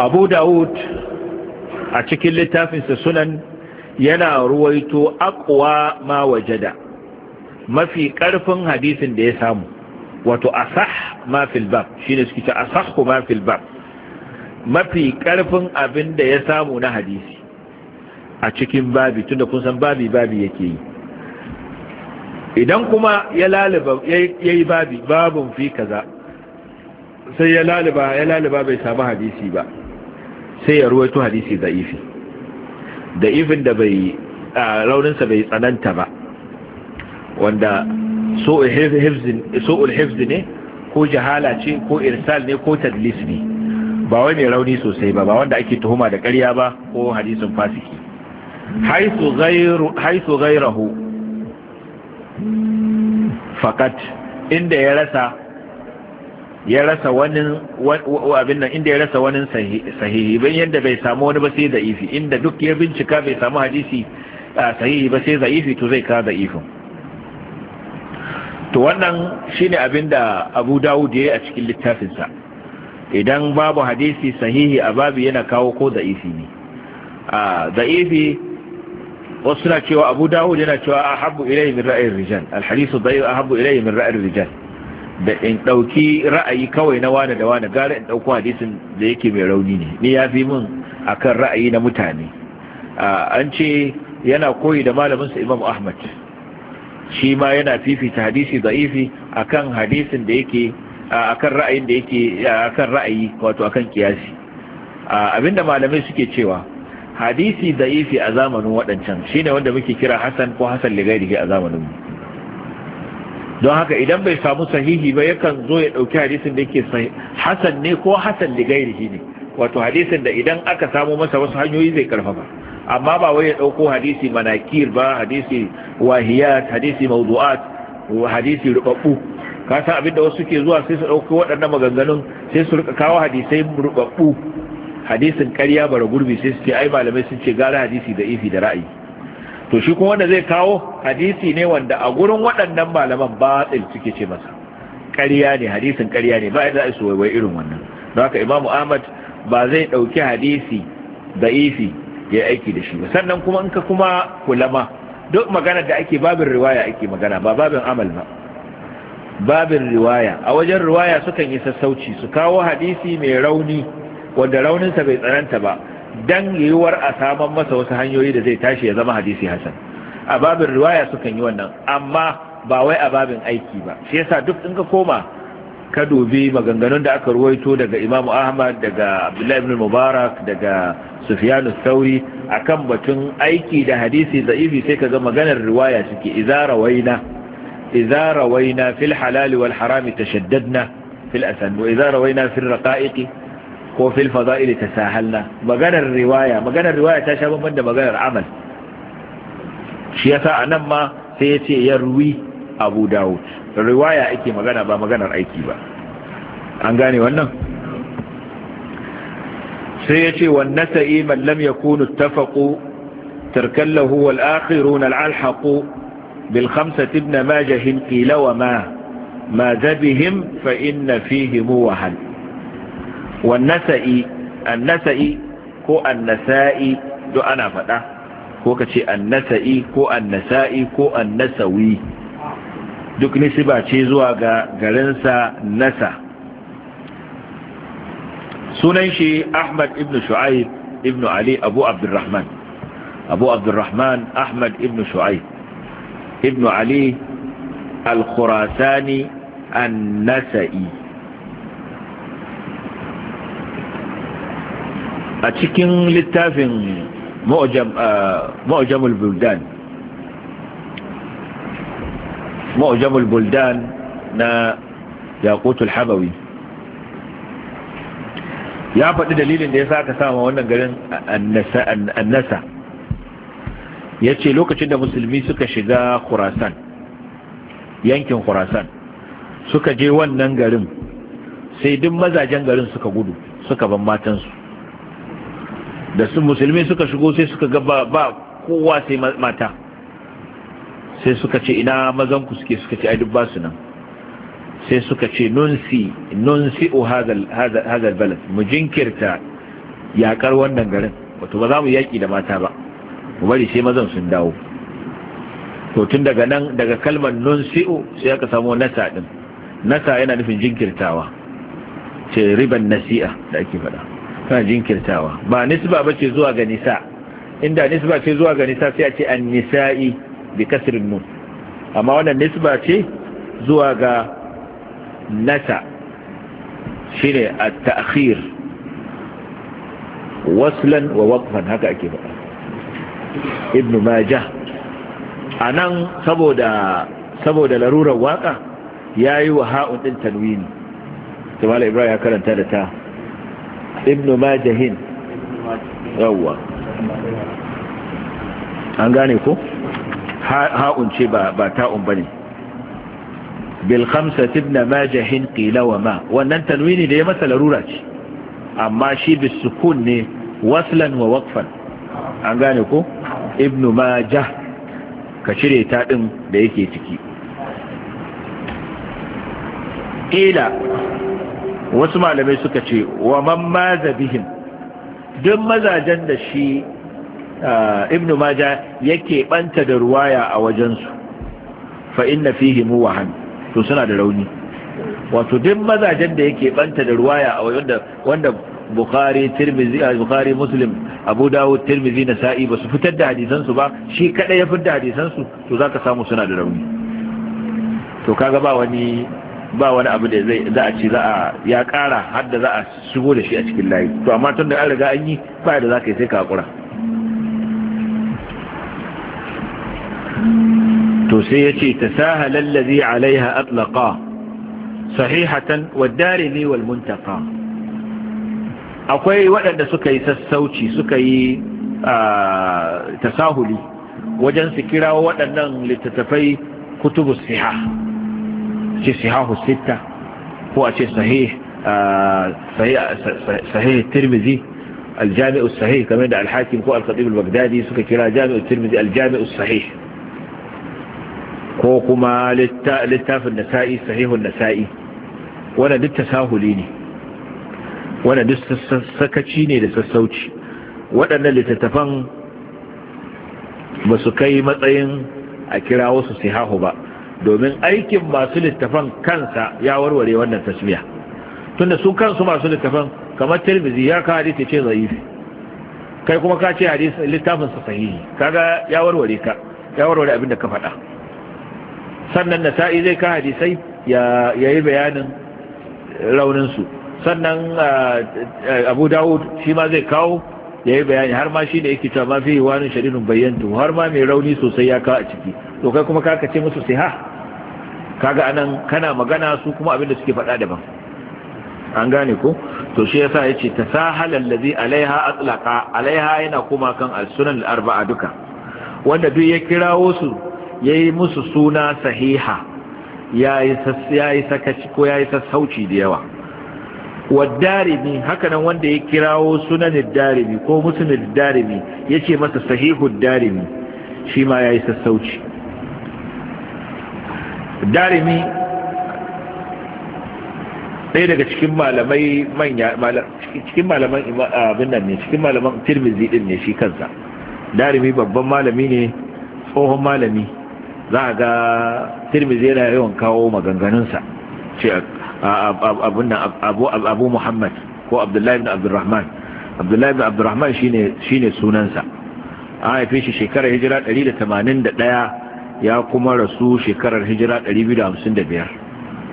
abu dawud a cikin littafinsa sunan yana ruwaito akwa ma wajada mafi ƙarfin hadisin da ya samu wato asah ma fil bab shine suke ce asahhu ma fil bab mafi karfin abin da ya samu na hadisi a cikin babi tunda kun san babi babi yake yi idan kuma ya laliba yayi babi babun fi kaza sai ya laliba ya laliba bai samu hadisi ba sai ya ruwaito hadisi da'ifi da'ifin da bai rauninsa bai tsananta ba wanda so'ul hifz ne ko jahala ce ko irsal ne ko tadlis ne ba wai mai rauni sosai ba ba wanda ake tuhuma da ƙarya ba ko hadisin fasiki haisu gairahu fakat inda ya rasa ya rasa wani abin nan inda ya rasa wani sahihi ban yadda bai samu wani ba sai da'ifi inda duk ya bincika bai samu hadisi sahihi ba sai da'ifi to zai ka ifin. to wannan shine abinda abu dawud ya yi a cikin littafinsa idan babu hadisi sahihi a babu yana kawo ko za'ifi ne a za'ifi wasu na cewa abu dawud yana cewa a habu ilayi min ra'ayin rijal alhadisu da'i a habu ilayi min ra'ayin rijal da in ɗauki ra'ayi kawai na wane da wane gara in ɗauko hadisin da yake mai rauni ne ni ya fi min akan ra'ayi na mutane an ce yana koyi da malamin sa imam ahmad shi ma yana fifita hadisi da'ifi akan hadisin da yake akan ra'ayin da yake akan ra'ayi wato akan kiyasi abinda malamai suke cewa hadisi da'ifi a zamanin waɗancan shine wanda muke kira hasan ko hasan ligairi a zamanin don haka idan bai samu sahihi ba yakan zo ya dauki hadisin da yake hasan ne ko hasan ligairi ne wato hadisin da idan aka samu masa wasu hanyoyi zai karfafa amma ba wai ya dauko hadisi manakir ba hadisi wahiyat hadisi mawdu'at hadisi rubabbu ka san abin da wasu ke zuwa sai su dauko waɗannan maganganun sai su rika kawo hadisai rubabbu hadisin ƙarya bara gurbi sai su ce ai malamai sun ce gara hadisi da ifi da ra'ayi to shi kuma wanda zai kawo hadisi ne wanda a gurin waɗannan malaman batil suke ce masa ƙarya ne hadisin ƙarya ne ba a su waiwai irin wannan don haka imamu ahmad ba zai ɗauki hadisi da ifi ya aiki da shi sannan kuma in ka kuma kulama duk magana da ake babin riwaya ake magana ba babin amal ba babin riwaya a wajen riwaya sukan yi sassauci su kawo hadisi mai rauni wanda rauninsa bai tsananta ba dan yiwuwar a saman masa wasu hanyoyi da zai tashi ya zama hadisi hasan a babin riwaya sukan yi wannan amma ba wai a babin aiki ba shi yasa duk in ka koma ka dubi maganganun da aka ruwaito daga Imam Ahmad daga Abdullah ibn Mubarak daga Sufyan al-Thawri akan batun aiki da hadisi da'ifi sai kaga maganar riwaya suke idza rawaina idza rawaina fil halal wal haram tashaddadna fil asan wa idza rawaina fil raqa'iq ko fil fada'il tasahalna maganar riwaya maganar riwaya ta sha bamban maganar amal shi yasa anan ma sai ya ce ya ruwi Abu daud. riwaya ake magana ba maganar aiki ba an gane wannan sai ya ce wannan sa'i mallam ya kunu tafaku tarkallahu wal akhirun al'alhaku bil khamsati ibn majahin qila ma ma zabihim fa inna fihim wahal wannan sa'i annasai ko annasa'i duk ana faɗa ko ka ce annasa'i ko annasa'i ko annasawi duk nisiba ce zuwa ga garinsa nasa sunan shi ahmad ibn shu'aib ibn ali abu abdurrahman abu abdurrahman ahmad ibn shu'aib ibn ali al-khurasani an-nasa'i a cikin littafin uh, mu'jamul buldan معجم البلدان na ياقوت الحبوي ya faɗi dalilin da ya saka sama wannan garin annasa ya ce lokacin da musulmi suka shiga khurasan yankin khurasan suka je wannan garin sai duk mazajen garin suka gudu suka ban matansu da su musulmi suka shigo sai suka ga ba kowa sai mata sai suka ce ina mazan ku suke suka ce ai duk basu nan sai suka ce nunsi nunsi o hazal balad mu jinkirta yakar wannan garin wato ba za mu yaki da mata ba mu bari sai mazan sun dawo to tun daga nan daga kalmar o sai aka samu nasa din nasa yana nufin jinkirtawa ce riban nasi'a da ake faɗa tana jinkirtawa ba nisba ba ce zuwa ga nisa inda nisba ce zuwa ga nisa sai a ce an nisa'i bi kasirin nun amma wannan nisba ce zuwa ga nasa shine at-ta'khir waslan wa waqfan haka ake ba. ibn majah anan saboda saboda larurar waka yayi wa ha'un ɗin talwini. kamar ibrahim ya karanta da ta ibn majahin yawwa an gane ko ha'un ce ba ta'un bane bil khamsati ibn majahin qila wa ma wannan talwini da ya masa larura ce amma shi bisukun ne waslan wa waqfan an gane ko ibn majah ka cire ta ɗin da yake ciki Ila wasu malamai suka ce wa man mazabihim duk mazajen da shi ibnu maja yake banta da ruwaya a wajensu fa inna fihi muwahan to suna da rauni wato duk mazajen da yake banta da ruwaya a wanda wanda bukhari tirmizi bukhari muslim abu dawud tirmizi nasa'i ba su fitar da hadisan su ba shi kada ya fitar da hadisan su to zaka samu suna da rauni to kaga ba wani ba wani abu da zai za a ci za a ya kara har da za a shigo da shi a cikin layi to amma tun da an riga an yi ba da za ka yi sai ka hakura to sai yace tasahala allazi alaiha atlaqa sahihatan wad-darimi wal-muntaqa akwai waɗanda suka yi sassauci suka yi wajen su waɗannan litattafai kutubu siha ce sihahu sita ko a ce aljami'u sahih kamar da alhakim ko alkhatib bagdadi baghdadi suka kira jami'u tirmizi aljami'u sahih ko kuma littafin nasa'i sahihun nasa'i wanda duk tasahuli ne wanda duk sakaci ne da sassauci waɗannan littattafan ba su kai matsayin a kira wasu sihahu ba domin aikin masu littafan kansa ya warware wannan tasmiya tunda su kansu masu littafan kamar tirmizi ya ka hadisi ce zaifi kai kuma ka ce hadisi littafin sa sahihi kaga ya warware ka ya warware abin da ka faɗa sannan nasa'i zai ka hadisai ya yi bayanin rauninsu sannan ah, ah, abu dawud shi ma zai kawo ya yi bayani har ma shi da yake cewa ma fi wani shari'in bayyantu har ma mai rauni sosai ya kawo a ciki to kuma ka ce musu sai ha kaga anan kana magana su kuma abin da suke faɗa daban an gane ko to shi yasa yace ta tasahala allazi alaiha atlaqa alaiha yana kuma kan al-sunan al-arba'a duka wanda duk ya kirawo su ya yi musu suna sahiha ya yi sakaci ko ya yi sassauci da yawa wadarimi hakanan wanda ya kirawo sunanin darimi ko musulmin darimi ya ce masa sahihun darimi shi ma ya yi sassauci darimi ɗaya daga cikin malamai manya cikin malaman abin nan ne cikin malaman tirmizi ɗin ne shi kansa darimi babban malami ne tsohon malami za a ga tirmizi yana yawan kawo maganganunsa ce abu muhammad ko abdullahi ibn abdurrahman abdullahi ibn abdurrahman shine sunansa an haife shi shekarar hijira 181 ya kuma rasu shekarar hijira 255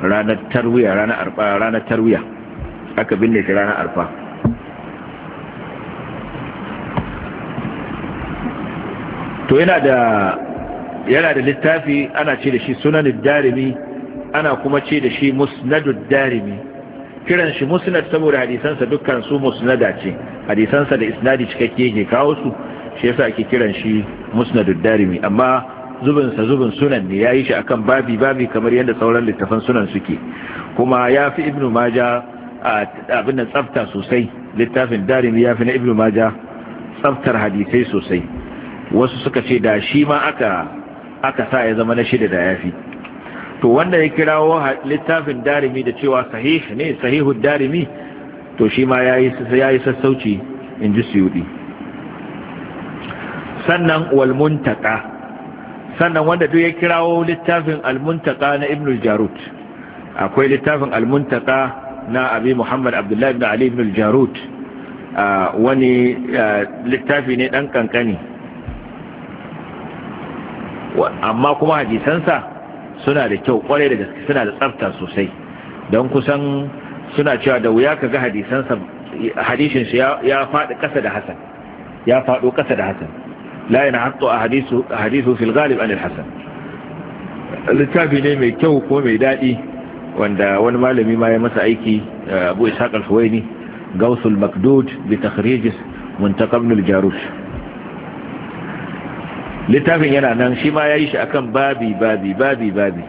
ranar tarwiya ranar tarwiya aka binne shi ranar arfa to yana da yana da littafi ana ce da shi sunanin darimi ana kuma ce da shi musnadud darimi kiran shi musnad saboda hadisansa dukkan su musnada ce hadisansa da isnadi cikakke yake kawo su shi yasa ake kiran shi musnadud darimi amma zubin sa zubin sunan ne yayi shi akan babi babi kamar yadda sauran littafan sunan suke kuma ya fi ibnu maja abin da tsafta sosai littafin darimi ya fi na ibnu maja tsaftar hadisai sosai wasu suka ce da shi ma aka aka sa ya zama na shida da yafi to wanda ya kirawo littafin darimi da cewa sahih ne sahihud darimi to shi ma yayi yayi sassauci in ji suyudi sannan wal sannan wanda duk ya kirawo littafin al muntaka na ibn jarut akwai littafin al na abi muhammad abdullahi ibn ali ibn al jarut ah, wani ah, littafi ne dan kankani amma kuma hadisansa suna da kyau kwarai da gaske suna da tsafta sosai don kusan suna cewa da wuya ka ga hadisansa shi ya faɗi ƙasa da hasan ya faɗo ƙasa da hasan la yana hatto a hadisu fil galib anil hasan littafi ne mai kyau ko mai daɗi wanda wani malami ma ya masa aiki abu ishaq al-huwaini gausul makdud bi takhrijis muntakabnul jarush littafin yana nan shi ma ya yi shi akan babi babi babi babi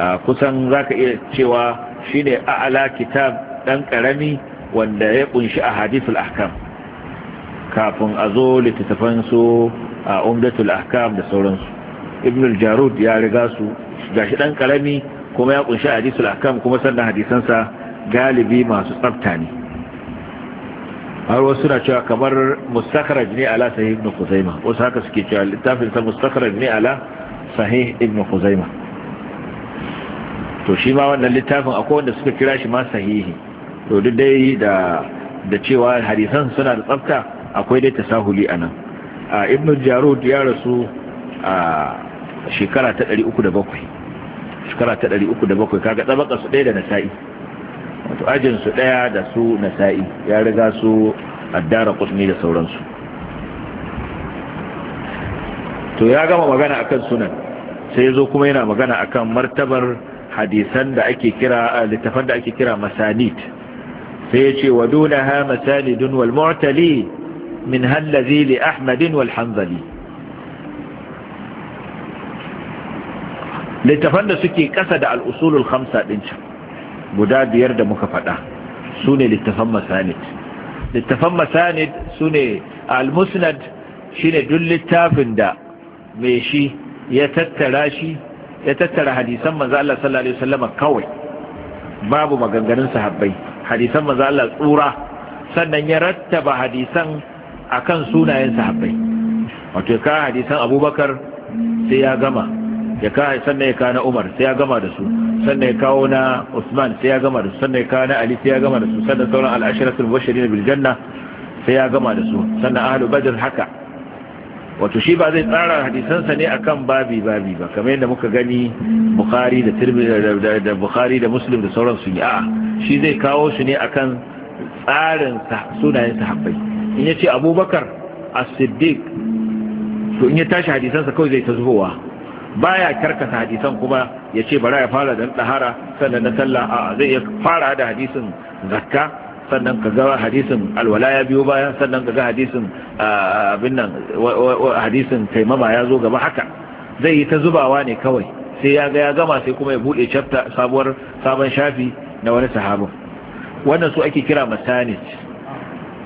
a kusan za ka iya cewa shi ne a'ala kitab ɗan ƙarami wanda ya ƙunshi a hadisul ahkam kafin a zo littattafan a umdatul ahkam da sauransu ibn jarud ya riga su gashi ɗan ƙarami kuma ya ƙunshi hadisul ahkam kuma sannan hadisansa galibi masu tsafta ne har wasu suna cewa kamar mustakhraj ne ala sahih ibn khuzaimah wasu haka suke cewa littafin sa mustakhraj ne ala sahih ibn khuzaimah to shi ma wannan littafin akwai wanda suka kira shi ma sahihi to duk dai da da cewa hadisan suna da tsafta akwai dai tasahuli anan a ibn jarud ya rasu a shekara ta 307 shekara ta 307 kaga tsabaka su ɗaya da nasa'i wato ajin su ɗaya da su nasa'i ya riga su addara qutni da sauransu to ya gama magana akan sunan sai yazo kuma yana magana akan martabar hadisan da ake kira littafan da ake kira masanid sai ya ce wadunaha masalidun wal mu'tali min hallazi li ahmadin wal hanzali littafan da suke kasa da al'usulul khamsa din can guda biyar da muka faɗa su ne littafan masanid littafan masanid su ne al-musnad shi ne duk littafin da mai shi ya tattara shi ya tattara hadisan manzo Allah sallallahu alaihi wasallam kawai babu maganganun sahabbai hadisan manzo Allah tsura sannan ya rattaba hadisan akan sunayen sahabbai wato ka hadisan Abubakar sai ya gama ya ka sannan ya ka na Umar sai ya gama da su sannan ya kawo na Usman sai ya gama da su sannan ya kawo na Ali sai ya gama da su sannan sauran al-ashratul mubashirin bil janna sai ya gama da su sannan ahlu badr haka wato shi ba zai tsara hadisansa ne akan babi babi ba kamar yadda muka gani bukhari da da bukhari da muslim da sauransu ne a'a shi zai kawo su ne akan tsarin sunayen sahabbai in yace abubakar as-siddiq to in ya tashi hadisansa kawai zai ta zubowa baya karkata hadisan kuma ya ce bara ya fara da ɗahara sannan na sallah a zai ya fara da hadisin zakka sannan ka ga hadisin alwala ya biyo baya sannan ka ga hadisin abin nan hadisin taimama ya zo gaba haka zai yi ta zubawa ne kawai sai ya ga ya gama sai kuma ya buɗe chapter sabuwar sabon shafi na wani sahabin wannan su ake kira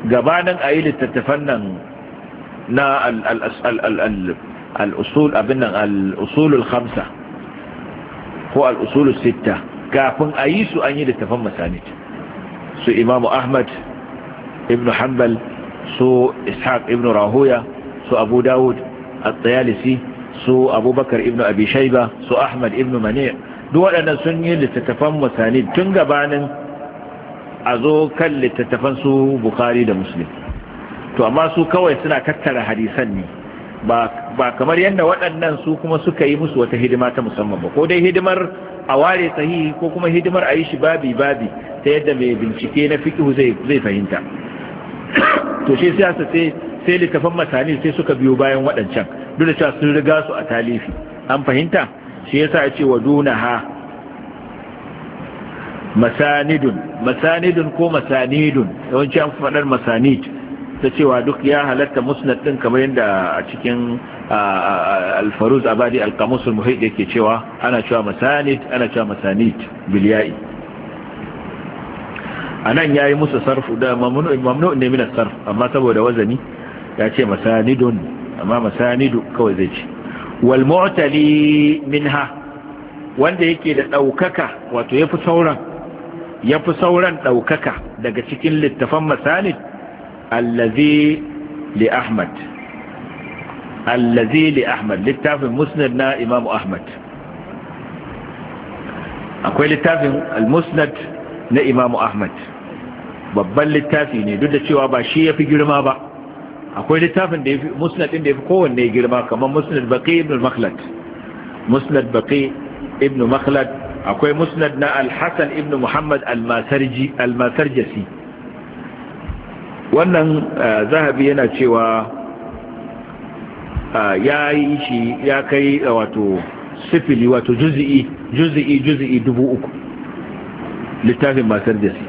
Gaba gabanin a yi littattafan nan na al'usul abin nan al'usulul hamsa ko al'usulul sitta kafin a yi su an yi littafan masanid su imamu ahmad ibn hanbal su ishaq ibn rahoya su abu dawud al-tsayalisi su abubakar ibn abi shaiba su ahmad ibn mani duk waɗannan sun yi littattafan masanid tun gabanin a zo kan littattafan su bukari da muslim to amma su kawai suna tattara hadisan ne ba kamar yadda waɗannan su kuma suka yi musu wata hidima ta musamman ba ko dai hidimar a ware sahihi ko kuma hidimar a yi shi babi babi ta yadda mai bincike na fikihu zai fahimta to shi siyasa sai sai littafan matani sai suka biyo bayan waɗancan duk da cewa sun riga su a talifi an fahimta shi yasa a ce wa duna ha masanidun masanidun ko masanidun yawanci an faɗar masanid ta cewa duk ya halatta musnad din kamar yadda a cikin alfaruz abadi alkamus muhaid yake cewa ana cewa masanid ana cewa masanid bilyai anan yayi musu sarfu da mamnu ne min sarf amma saboda wazani ya ce masanidun amma masanidu kawai zai ce wal mu'tali minha wanda yake da daukaka wato yafi sauran yafi sauran daukaka daga cikin littafan masanid allazi li ahmad allazi li ahmad littafin musnad na imamu ahmad akwai littafin al-musnad na imamu ahmad babban littafi ne duk da cewa ba shi ya fi girma ba akwai littafin da ya musnad ɗin da ya fi kowanne girma kamar musnad baƙi ibn makhlad musnad baƙi ibn makhlad akwai musnad na al-hassan ibn muhammad al-masarjasi wannan eh, zahabi yana cewa eh, ya yi shi ya kai eh, wato sifili wato juzi'i juzi'i juzi'i dubu uku littafin masar da su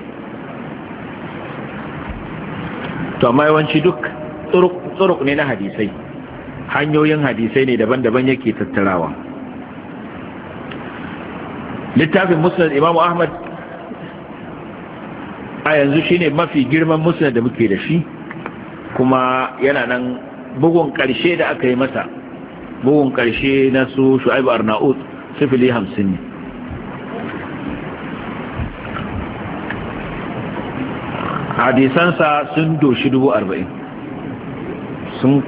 to amma yawanci duk tsuruk ne na hadisai hanyoyin hadisai ne daban-daban yake tattarawa littafin musulun imamu ahmad a yanzu shi ne mafi girman musulun da muke da shi kuma yana nan bugun karshe da aka yi mata, bugun karshe na su shu'aibu arnaut sifili hamsin ne hadisansa sun doshi dubu arba'in sun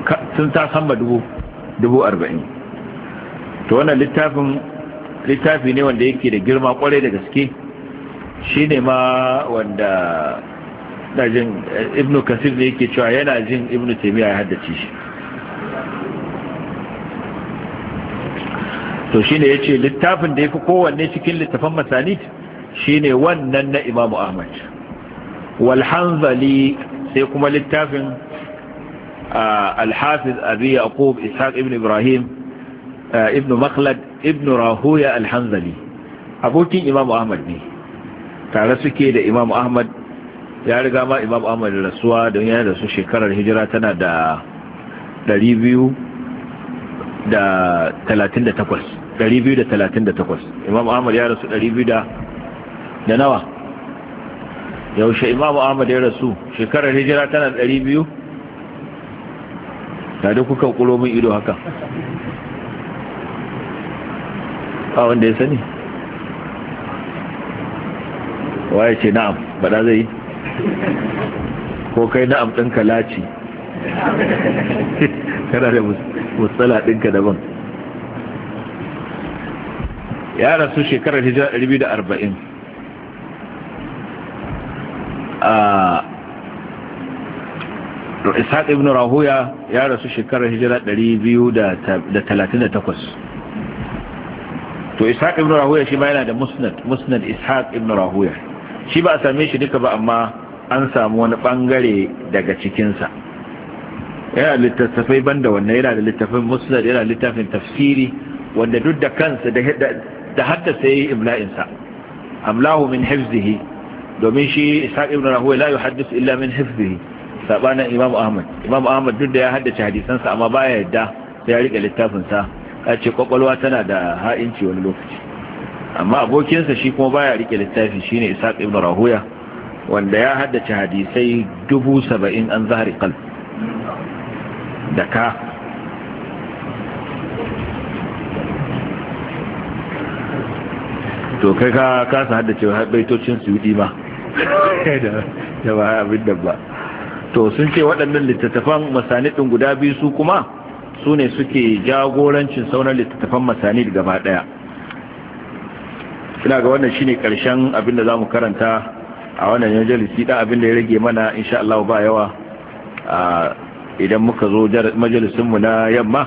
ta samba dubu arba'in to wannan littafi ne wanda yake da girma kwarai da gaske shi ne ma wanda jin eh, Ibn kasir da yake cewa yana jin Ibn taimiyya ya haddace shi to shi ne ya ce littafin da ya fi kowanne cikin littafin masanit shi ne wannan na imamu ahmad walhanzali sai kuma littafin alhafiz abi yaqub ishaq ibn ibrahim eh, ibn makhlad ibn rahuya alhanzali abokin imamu ahmad ne tare suke da imam ahmad ya riga ma imam ahmad da rasuwa don yana da su shekarar hijira tana da 238 imam ahmad ya rasu 200 da nawa yaushe imam ahmad ya rasu shekarar hijira tana 200 tare kuka kulomin ido haka a wanda ya sani waye ce na'am faɗa zai ko kai na'am ɗinka laci kana da musala ɗinka daban ya rasu shekarar hijira 240 a ishaq ibn rahuya ya rasu shekarar hijira 238 to ishaq ibn rahuya shi ma yana da musnad musnad ishaq ibn rahuya shi ba a same shi duka ba amma an samu wani bangare daga cikinsa yana da littattafai banda wannan yana da littattafai musnad yana da littafin tafsiri wanda duk da kansa da hatta sai imla'insa amlahu min hifzihi domin shi ishaq ibn rahuwa la yuhaddith illa min hifzihi sabanin imam ahmad imam ahmad duk da ya haddace hadisansa amma baya yadda sai ya rike littafinsa ya ce kwakwalwa tana da ha'inci wani lokaci amma abokinsa shi kuma baya rike littafi shine Isaac ibn Rahuya wanda ya haddace hadisai dubu saba'in an zahari qalb da ka to kai ka kasa haddace baitocin suyudi ma da ba abin da ba to sun ce waɗannan littattafan masanidin guda biyu su kuma su ne suke jagorancin sauran littattafan masanid gaba ɗaya ina ga wannan shine karshen abin da mu karanta a wannan majalisi da abin da ya rage mana insha Allah ba yawa idan muka zo majalisin mu na yamma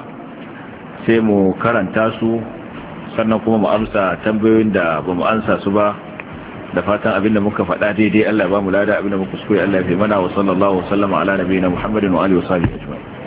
sai mu karanta su sannan kuma mu amsa tambayoyin da bamu amsa su ba da fatan abin da muka faɗa daidai Allah ya ba lada abin da muka kuskure Allah ya fi mana wa sallallahu wa sallama ala nabiyina Muhammadin wa alihi wa sahbihi ajma'in